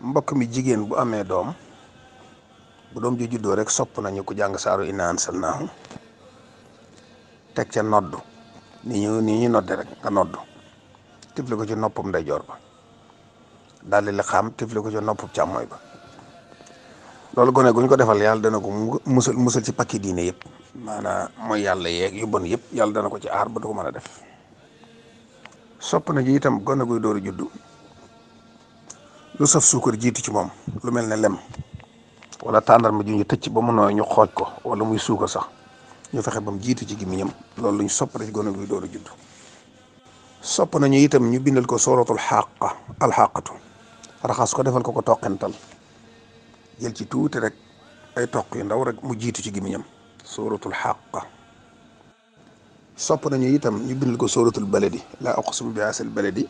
mbokk mi jigéen bu amee doom bu doom ju juddoo rek sopp nañu ko jàng saaru inaan sa naahu teg ca noddu ni ñu ni ñu nodde rek nga noddu tifli ko ci noppam ndeyjoor ba daldi li xam tifli ko ci noppam ba loolu gone guñ ko defal yàlla dana ko musal musal ci pakki diine yépp maanaam mooy yàlla yeeg yu bon yépp yàlla dana ko ci aar ba du ko mën a def sopp ji itam gone guy dooru juddu lu saf suukar jiitu ci moom lu mel ne lem wala tàndarma ji ñu tëcc ba mu nooy ñu xooj ko wala muy suukar sax ñu fexe ba mu jiitu ci gémmiñam loolu lu ñu soppare ci gone guy door a judd sopp nañu itam ñu bindal ko sooratul xàqa alxàqatu raxas ko defal ko ko toqental jël ci tuuti rek ay toq yu ndaw rek mu jiitu ci gémmiñam sooratul xàqa sopp nañu itam ñu bindal ko sooratul baladi laa aqsimu bi asil baladi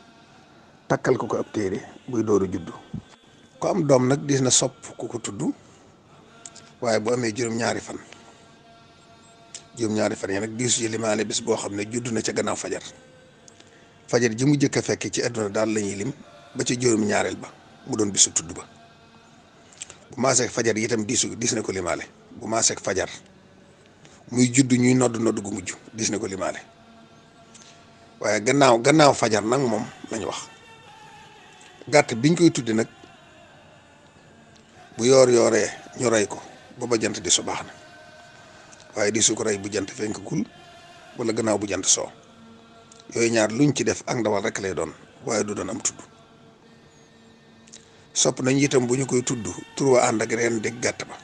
takkal ko ko ab téere buy dooru juddu ku am doom nag dis na sopp ku ko tudd waaye bu amee juróom-ñaari fan juróom-ñaari fan yi nag diisu ci limaale bis boo xam ne judd na ca gannaaw fajar fajar ji mu jëkk a fekk ci àdduna daal la ñuy lim ba ci juróom-ñaareel ba doon bisu tudd ba fajar yi itam diisu dis na ko limaale bu maaseek fajar muy judd ñuy nodd nodd gu mujj dis na ko limaale waaye gannaaw gannaaw fajar nag moom lañ wax gàtt biñ koy tudde nag bu yoor yooree ñu rey ko ba ba di su waaye di su rey bu jant fenk gul wala gannaaw bu jant soo yooyu ñaar luñ ci def ak rek lay doon waaye du doon tudd sopp nañ itam bu ñu koy tudd tur wa dégg gàtt ba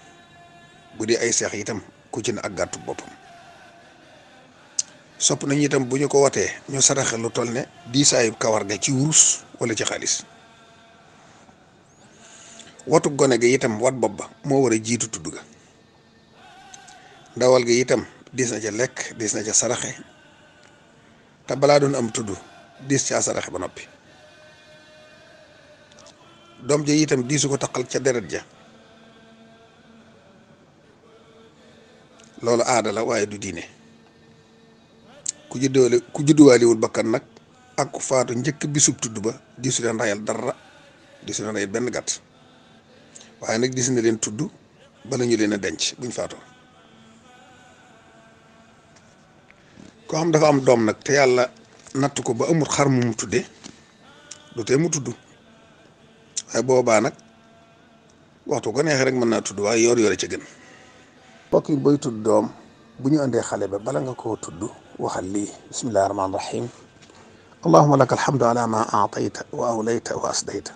bu dee ay seex itam ku ak gàttu boppam sopp nañ itam bu ñu ko watee ñu saraxe lu toll ne diisaayu kawar ga ci wurus wala ci xaalis watu gone ga itam wat bobba mo wara jitu a ga ndawal ga itam dis na ja lek dis na ja saraxe ta balaa am tudu dis ci saraxe ba nopi dom je itam diisu ko taqal deret ja lolu aada la waye du diine ku jiddole ku judduwaaliwul bakkan nak ak ku faatu bisub tuddu ba disu len rayal dara disu len rayal ben waaye nag dis na leen tudd bala ñu leen a denc buñ faatoo koo xam dafa am doom nag te yàlla natt ko ba amul xar mu mu tudde du tee mu tudd waaye boobaa nag waxtu ko neexee rek mën naa tudd waaye yoor yoore ci gën mbokk yi booy tudd doom bu ñu andee xale ba bala nga koo tudd waxal lii bismillahi rahmaani rahim allahuma laka alhamdu ala ma aatayta wa awlayta wa asdayta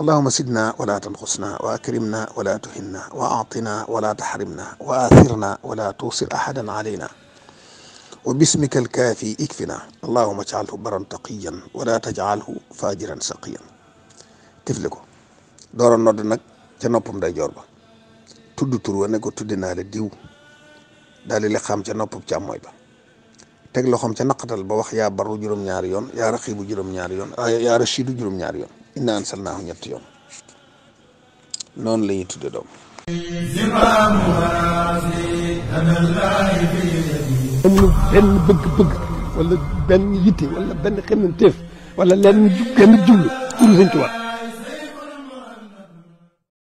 اللهم سدنا ولا تنقصنا واكرمنا ولا تهنا واعطنا ولا تحرمنا واثرنا ولا توصل احدا علينا وباسمك الكافي اكفنا اللهم اجعله برا تقيا ولا تجعله فاجرا سقيا تفلكو دور النود نك تا نوبم جوربا تود تور ونكو تودنا لا دالي لي خام تا نوبم تا موي با يا بارو جوروم نياار يا رخيبو جوروم نياار آه، يا رشيدو جوروم نياار innaa anzalnaahu ñetti yoon noonu la ñuy tudde doom benn benn bëgg-bëgg wala benn yitte wala benn xemmanteef wala lenn benn jublu pour sëñ